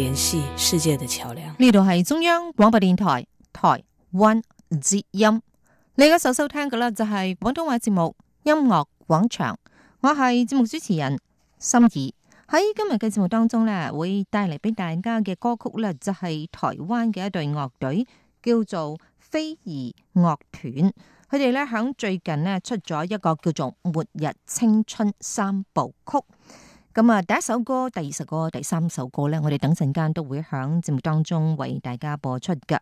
聯繫世界的橋樑。呢度係中央廣播電台台灣之音。你而家所收聽嘅呢就係廣東話節目音樂廣場。我係節目主持人心儀。喺今日嘅節目當中呢，會帶嚟俾大家嘅歌曲呢，就係、是、台灣嘅一隊樂隊叫做飛兒樂團。佢哋呢，響最近呢，出咗一個叫做《末日青春三部曲》。咁啊，第一首歌、第二首歌、第三首歌咧，我哋等陣間都會響節目當中為大家播出噶。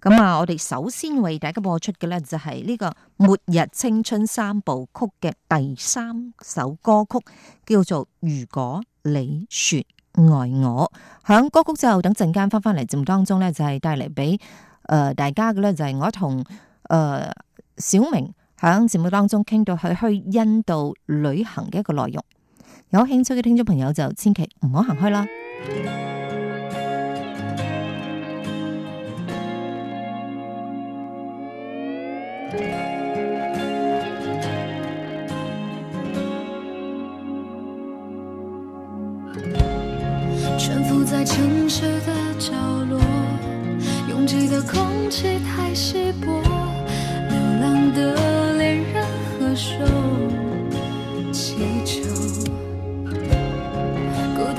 咁啊，我哋首先為大家播出嘅咧就係呢個《末日青春三部曲》嘅第三首歌曲，叫做《如果你說愛我》。響歌曲之後，等陣間翻翻嚟節目當中咧，就係帶嚟俾誒大家嘅咧就係我同誒小明響節目當中傾到去去印度旅行嘅一個內容。有興趣嘅聽眾朋友就千祈唔好行開啦。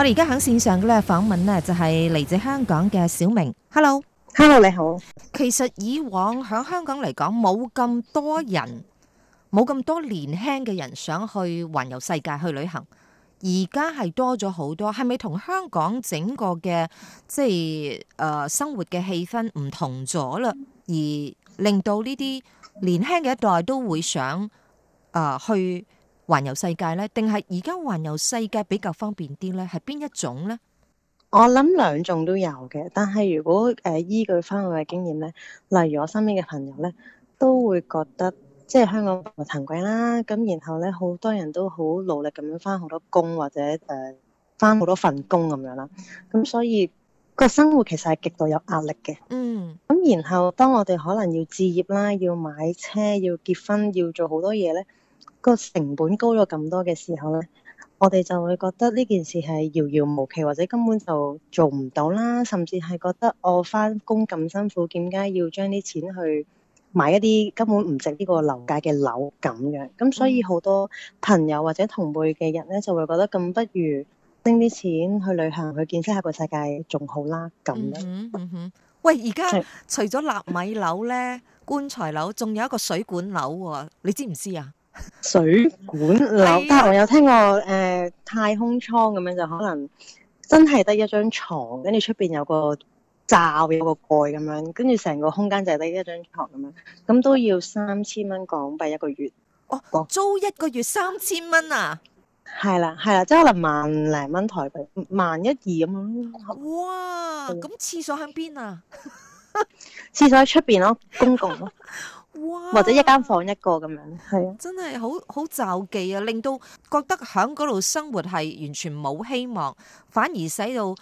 我哋而家喺線上嘅咧訪問呢就係嚟自香港嘅小明，Hello，Hello Hello, 你好。其實以往喺香港嚟講冇咁多人，冇咁多年輕嘅人想去環遊世界去旅行，而家係多咗好多，係咪同香港整個嘅即係誒、呃、生活嘅氣氛唔同咗啦？而令到呢啲年輕嘅一代都會想誒、呃、去。環遊世界呢，定係而家環遊世界比較方便啲呢？係邊一種呢？我諗兩種都有嘅，但係如果誒依據返我嘅經驗呢，例如我身邊嘅朋友呢，都會覺得即係香港好騰貴啦，咁然後呢，好多人都好努力咁樣返好多工或者誒返好多份工咁樣啦，咁所以個生活其實係極度有壓力嘅。嗯，咁然後當我哋可能要置業啦，要買車，要結婚，要做好多嘢呢。個成本高咗咁多嘅時候咧，我哋就會覺得呢件事係遙遙無期，或者根本就做唔到啦。甚至係覺得我返工咁辛苦，點解要將啲錢去買一啲根本唔值呢個樓價嘅樓咁樣？咁所以好多朋友或者同輩嘅人咧，就會覺得咁不如拎啲錢去旅行，去見識下個世界仲好啦。咁，嗯哼，喂，而家除咗納米樓咧、棺材樓，仲有一個水管樓，你知唔知啊？水管樓， 但係我有聽過誒、呃，太空艙咁樣就可能真係得一張床，跟住出邊有個罩，有個蓋咁樣，跟住成個空間就係得一張床咁樣，咁都要三千蚊港幣一個月。哦多、啊，租一個月三千蚊啊？係啦，係啦，即係可能萬零蚊台幣，萬一二咁樣。哇！咁、嗯、的廁所喺邊啊？ 廁所喺出邊咯，公共咯。 或者一間房一個咁哇樣，係真係好好就記啊，令到覺得喺嗰度生活係完全冇希望，反而使到誒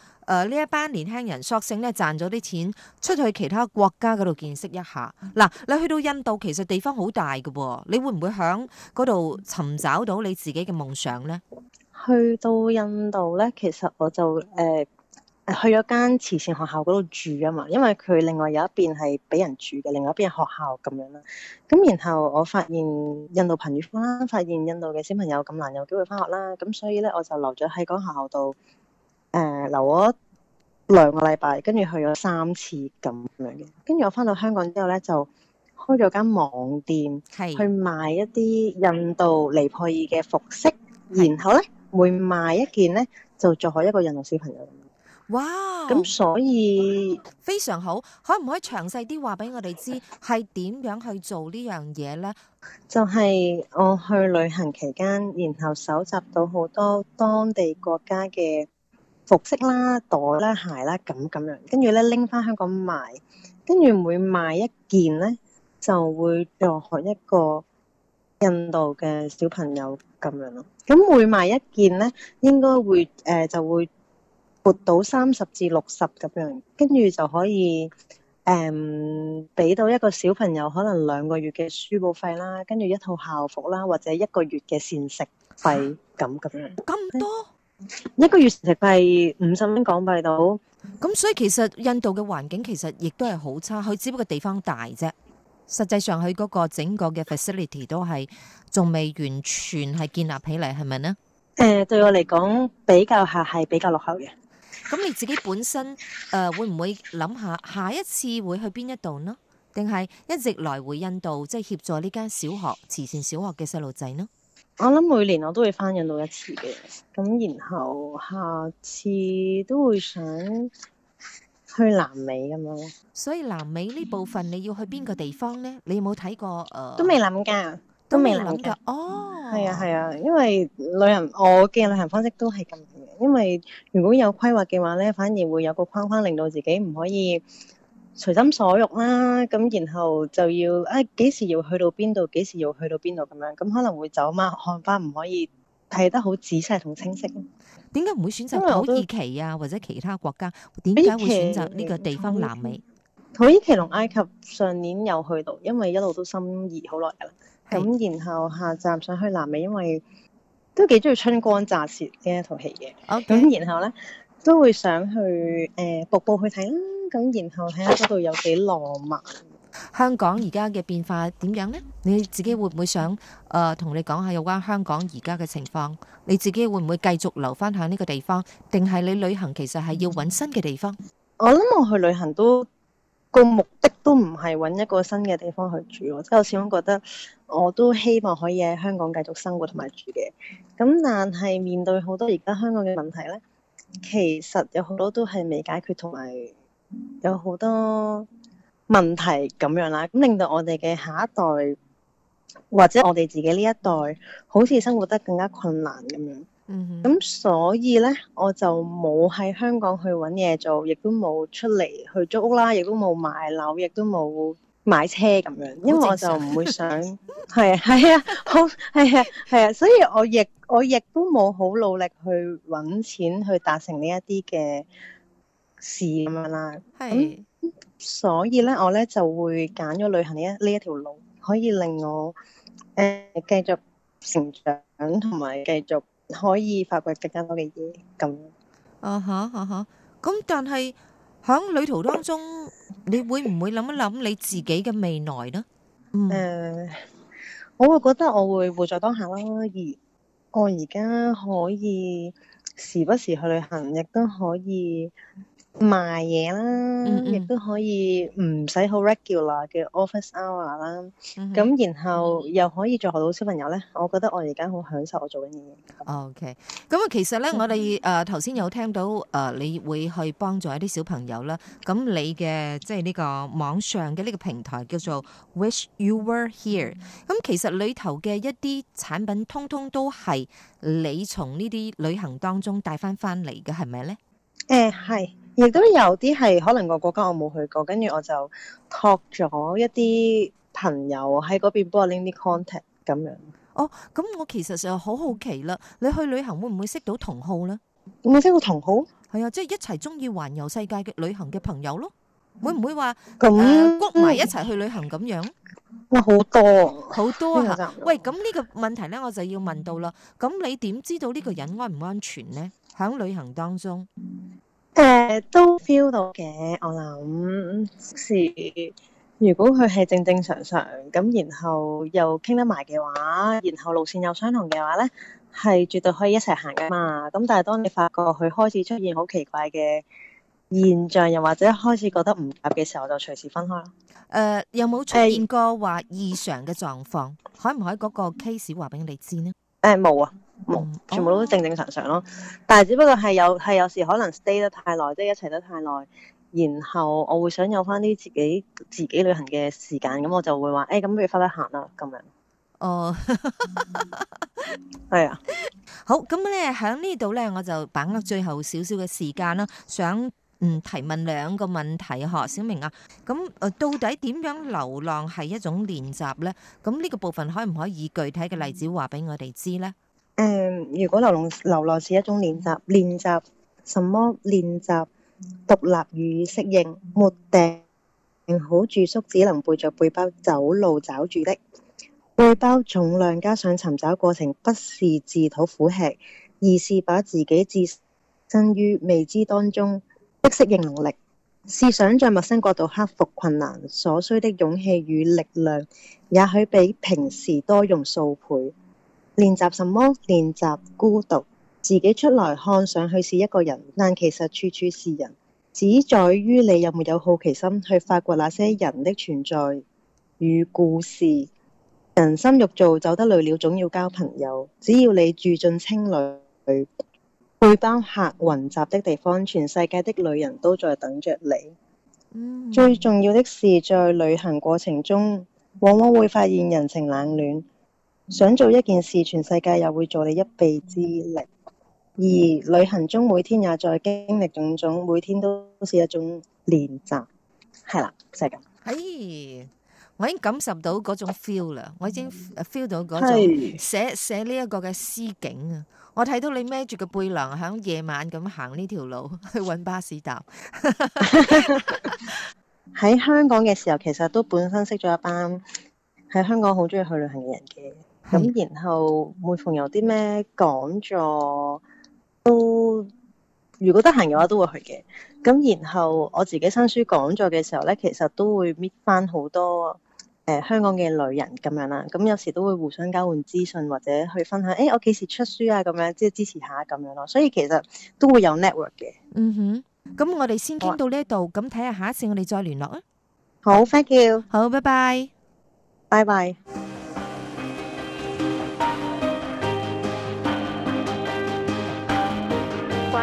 呢一班年輕人索性咧賺咗啲錢出去其他國家嗰度見識一下。嗱、啊，你去到印度其實地方好大㗎，哦，你會唔會響嗰度尋找到你自己嘅夢想呢？去到印度咧，其實我就誒。呃去咗間慈善學校嗰度住啊嘛，因為佢另外有一邊係俾人住嘅，另外一邊係學校咁樣啦。咁然後我發現印度朋友富啦，發現印度嘅小朋友咁難有機會返學啦。咁所以咧，我就留咗喺嗰學校度，誒、呃、留咗兩個禮拜，跟住去咗三次咁樣嘅。跟住我返到香港之後咧，就開咗間網店，係去賣一啲印度尼泊爾嘅服飾，是然後咧，每賣一件咧就做好一個印度小朋友。哇！咁所以非常好，可唔可以詳細啲話俾我哋知係點樣去做呢樣嘢呢？就係我去旅行期間，然後蒐集到好多當地國家嘅服飾啦、袋啦、鞋啦，咁咁樣，跟住呢拎翻香港賣，跟住每賣一件呢就會助學一個印度嘅小朋友咁樣咯。咁每賣一件呢，應該會誒就會。活到三十至六十咁樣，跟住就可以，誒、嗯，俾到一個小朋友可能兩個月嘅書報費啦，跟住一套校服啦，或者一個月嘅膳食費咁咁樣。咁、啊、咁多？一個月膳食費五十蚊港幣到。咁所以其實印度嘅環境其實亦都係好差，佢只不過地方大啫。實際上佢嗰個整個嘅 facility 都係仲未完全係建立起嚟，係咪呢？誒、呃，對我嚟講，比較下係比較落後嘅。咁你自己本身誒、呃，會唔會諗下下一次會去邊一度呢？定係一直來回印度，即係協助呢間小學慈善小學嘅細路仔呢？我諗每年我都會返印度一次嘅，咁然後下次都會想去南美咁咯。所以南美呢部分你要去邊個地方呢？你有冇睇過誒？呃、都未諗噶。都未諗㗎，哦！係啊，係啊，因為旅行，我嘅旅行方式都係咁嘅。因為如果有規劃嘅話呢，反而會有個框框，令到自己唔可以隨心所欲啦。咁然後就要哎，幾時要去到邊度，幾時要去到邊度咁樣。咁可能會走馬看花，唔可以睇得好仔細同清晰。點解唔會選擇土耳其啊，或者其他國家？點解會選擇呢個地方南美？土耳其同埃及上年有去到，因為一路都心儀好耐啦。咁，然後下一站想去南美，因為都幾中意春光乍泄嘅一套戲嘅。OK。咁然後咧，都會想去誒、呃、瀑布去睇啦。咁然後睇下嗰度有幾浪漫。香港而家嘅變化點樣咧？你自己會唔會想誒同、呃、你講下有關香港而家嘅情況？你自己會唔會繼續留翻喺呢個地方？定係你旅行其實係要揾新嘅地方？我諗我去旅行都。個目的都唔係揾一個新嘅地方去住，即係我始終覺得我都希望可以喺香港繼續生活同埋住嘅。咁但係面對好多而家香港嘅問題咧，其實有好多都係未解決同埋有好多問題咁樣啦。咁令到我哋嘅下一代或者我哋自己呢一代，好似生活得更加困難咁樣。咁、mm hmm. 嗯、所以咧，我就冇喺香港去揾嘢做，亦都冇出嚟去租屋啦，亦都冇買樓，亦都冇買車咁樣，因為我就唔會想係啊係啊，好係啊係啊，所以我亦我亦都冇好努力去揾錢去達成呢一啲嘅事咁樣啦。係的、嗯，所以咧，我咧就會揀咗旅行呢一呢一條路，可以令我誒繼、呃、續成長，同埋繼續。可以發掘更加多嘅嘢，咁啊吓吓吓，咁、uh huh, uh huh. 但係喺旅途當中，你會唔會諗一諗你自己嘅未來呢？誒，uh, 我會覺得我會活在當下啦，而我而家可以時不時去旅行，亦都可以。賣嘢啦，亦都、嗯嗯、可以唔使好 regular 嘅 office hour 啦。咁、嗯嗯、然後又可以再學到小朋友咧。我覺得我而家好享受我做緊嘅嘢。OK，咁啊，其實咧，我哋誒頭先有聽到誒，你會去幫助一啲小朋友啦。咁你嘅即係呢個網上嘅呢個平台叫做 Wish You Were Here。咁其實裏頭嘅一啲產品，通通都係你從呢啲旅行當中帶翻翻嚟嘅，係咪咧？誒、呃，係。亦都有啲係可能個國家我冇去過，跟住我就託咗一啲朋友喺嗰邊幫我拎啲 contact 咁樣。哦，咁我其實就好好奇啦，你去旅行會唔會識到同好咧？有冇識到同好？係啊，即係一齊中意環遊世界嘅旅行嘅朋友咯。會唔會話，咁 group 埋一齊去旅行咁樣？哇，好多好多啊！喂，咁呢個問題咧，我就要問到啦。咁你點知道呢個人安唔安全咧？喺旅行當中？誒、呃，都 feel 到嘅，我諗，即是如果佢係正正常常，咁然後又傾得埋嘅話，然後路線又相同嘅話呢，係絕對可以一齊行噶嘛。咁但係當你發覺佢開始出現好奇怪嘅現象，又或者開始覺得唔夾嘅時候，就隨時分開。誒、呃，有冇出現過話異常嘅狀況？呃、可唔可以嗰個 case 話俾你知呢？誒、呃，冇啊。冇，嗯、全部都正正常常咯。但係只不過係有係有時可能 stay 得太耐，即、就、係、是、一齊得太耐，然後我會想有翻啲自己自己旅行嘅時間，咁我就會話誒，咁、欸、不如翻去行啦咁樣。哦，係 啊。好，咁咧喺呢度咧，我就把握最後少少嘅時間啦，想嗯提問兩個問題嗬，小明啊，咁誒到底點樣流浪係一種練習咧？咁呢個部分可唔可以具體嘅例子話俾我哋知咧？Um, 如果流浪，流浪是一種練習，練習什麼？練習獨立與適應，沒定好住宿只能背著背包走路找住的，背包重量加上尋找過程，不是自討苦吃，而是把自己置身於未知當中的適應能力，是想在陌生國度克服困難所需的勇氣與力量，也許比平時多用數倍。練習什麼？練習孤獨，自己出來看上去是一個人，但其實處處是人，只在於你有沒有好奇心去發掘那些人的存在與故事。人心肉做走得累了，總要交朋友。只要你住進青旅，背包客雲集的地方，全世界的女人都在等着你。嗯，最重要的是在旅行過程中，往往會發現人情冷暖。想做一件事，全世界又會助你一臂之力。而旅行中每天也在經歷種種，每天都是一種練習，係啦，就係咁。嘿、哎，我已經感受到嗰種 feel 啦，我已經 feel 到嗰種寫的寫呢一個嘅詩景啊！我睇到你孭住個背囊，響夜晚咁行呢條路去揾巴士搭。喺 香港嘅時候，其實都本身識咗一班喺香港好中意去旅行嘅人嘅。咁、 嗯、然後每逢有啲咩講座都如果得閒嘅話都會去嘅。咁然後我自己新書講座嘅時候呢，其實都會搣翻好多誒、呃、香港嘅女人咁樣啦。咁有時都會互相交換資訊，或者去分享。誒，我幾時出書啊？咁樣即係支持下咁樣咯。所以其實都會有 network 嘅。嗯哼。咁我哋先傾到呢一度，咁睇下下一次我哋再聯絡啊。好，thank you。好，拜拜。拜拜。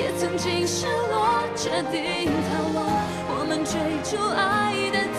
也曾經失落，決定逃亡。我們追逐愛的。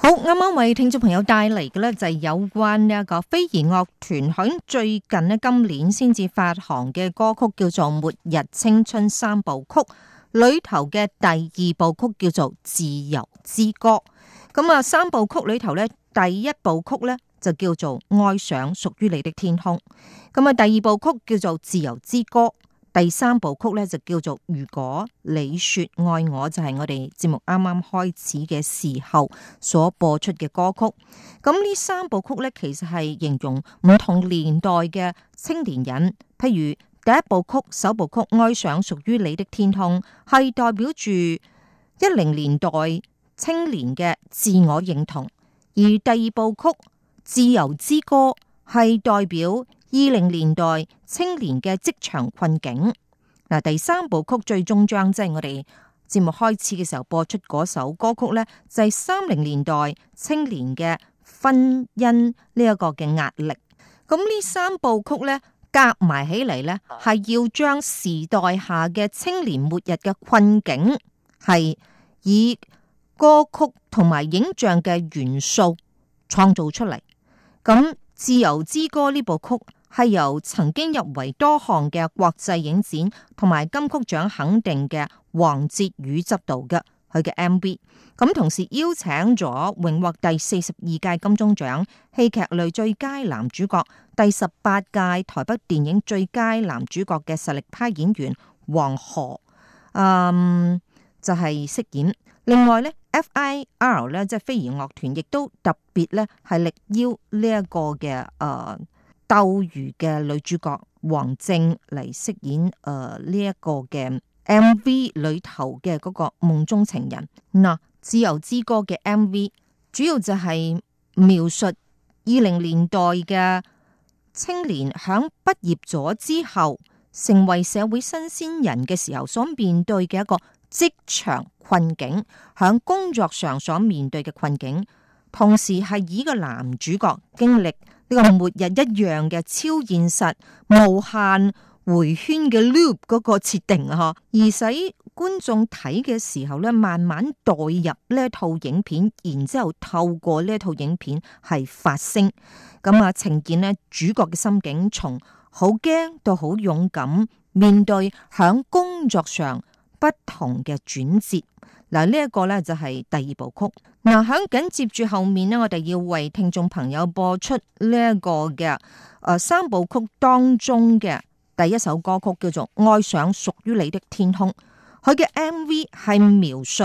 好，啱啱為聽眾朋友帶嚟嘅呢，就係有關呢一個飛兒樂團響最近呢，今年先至發行嘅歌曲，叫做《末日青春三部曲》。裏頭嘅第二部曲叫做《自由之歌》。咁啊，三部曲裏頭呢，第一部曲呢，就叫做《愛上屬於你的天空》。咁啊，第二部曲叫做《自由之歌》。第三部曲咧就叫做如果你說愛我就係我哋節目啱啱開始嘅時候所播出嘅歌曲。咁呢三部曲咧其實係形容唔同年代嘅青年人。譬如第一部曲、首部曲《愛上屬於你的天空》，係代表住一零年代青年嘅自我認同；而第二部曲《自由之歌》係代表。二零年代青年嘅職場困境，嗱，第三部曲最終章，即係我哋節目開始嘅時候播出嗰首歌曲呢，就係三零年代青年嘅婚姻呢一個嘅壓力。咁呢三部曲呢夾埋起嚟呢係要將時代下嘅青年末日嘅困境，係以歌曲同埋影像嘅元素創造出嚟。咁《自由之歌》呢部曲。係由曾經入圍多項嘅國際影展同埋金曲獎肯定嘅王哲宇執導嘅佢嘅 MV，咁同時邀請咗榮獲第四十二屆金鐘獎戲劇類最佳男主角、第十八屆台北電影最佳男主角嘅實力派演員黃河，嗯、就係、是、飾演另外咧，F.I.R. 咧即係飛兒樂團，亦都特別咧係力邀呢一個嘅誒。呃鬥魚嘅女主角王淨嚟飾演，誒呢、呃、一個嘅 M V 裏頭嘅嗰個夢中情人。嗱，自由之歌嘅 M V 主要就係描述二零年代嘅青年響畢業咗之後，成為社會新鮮人嘅時候所面對嘅一個職場困境，響工作上所面對嘅困境，同時係以個男主角經歷。呢個末日一樣嘅超現實無限回圈嘅 loop 嗰個設定啊，而使觀眾睇嘅時候咧，慢慢代入呢一套影片，然之後透過呢一套影片係發聲咁啊，呈現咧，主角嘅心境從好驚到好勇敢面對響工作上不同嘅轉折。嗱，呢一個咧就係第二部曲。嗱，響緊接住後面咧，我哋要為聽眾朋友播出呢一個嘅誒三部曲當中嘅第一首歌曲，叫做《愛上屬於你的天空》。佢嘅 MV 係描述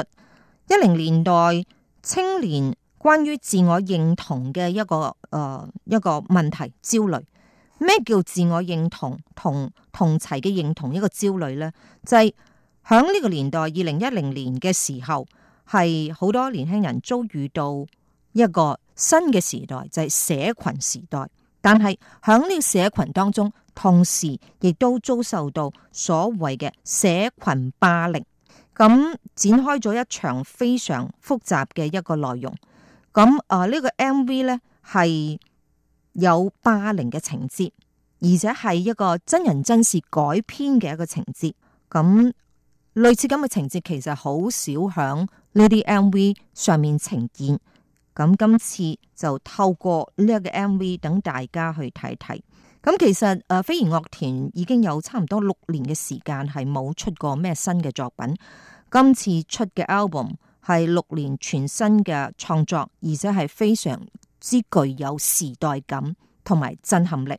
一零年代青年關於自我認同嘅一個誒、呃、一個問題焦慮。咩叫自我認同同同儕嘅認同一個焦慮咧？就係、是。喺呢個年代，二零一零年嘅時候，係好多年輕人遭遇到一個新嘅時代，就係、是、社群時代。但係喺呢個社群當中，同時亦都遭受到所謂嘅社群霸凌，咁展開咗一場非常複雜嘅一個內容。咁啊，呢、呃這個 MV 咧，係有霸凌嘅情節，而且係一個真人真事改編嘅一個情節咁。類似咁嘅情節，其實好少響呢啲 M V 上面呈現。咁今次就透過呢一個 M V，等大家去睇睇。咁其實誒，飛兒樂團已經有差唔多六年嘅時間係冇出過咩新嘅作品。今次出嘅 album 係六年全新嘅創作，而且係非常之具有時代感同埋震撼力，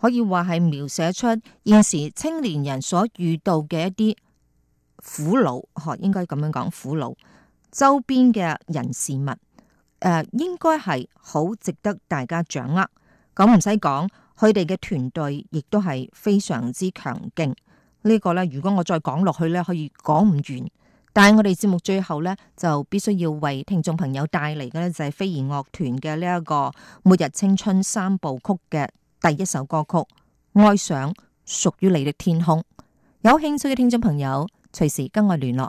可以話係描寫出現時青年人所遇到嘅一啲。苦惱，嗬，應該咁樣講，苦惱周邊嘅人事物，誒、呃，應該係好值得大家掌握。咁唔使講，佢哋嘅團隊亦都係非常之強勁。這個、呢個咧，如果我再講落去咧，可以講唔完。但係我哋節目最後咧，就必須要為聽眾朋友帶嚟嘅咧，就係飛兒樂團嘅呢一個《末日青春三部曲》嘅第一首歌曲《愛上屬於你的天空》。有興趣嘅聽眾朋友，隨時跟我聯絡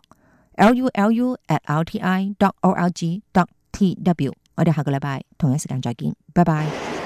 ，l u l u at r t i dot o r g dot t w。我哋下個禮拜同一時間再見，拜拜。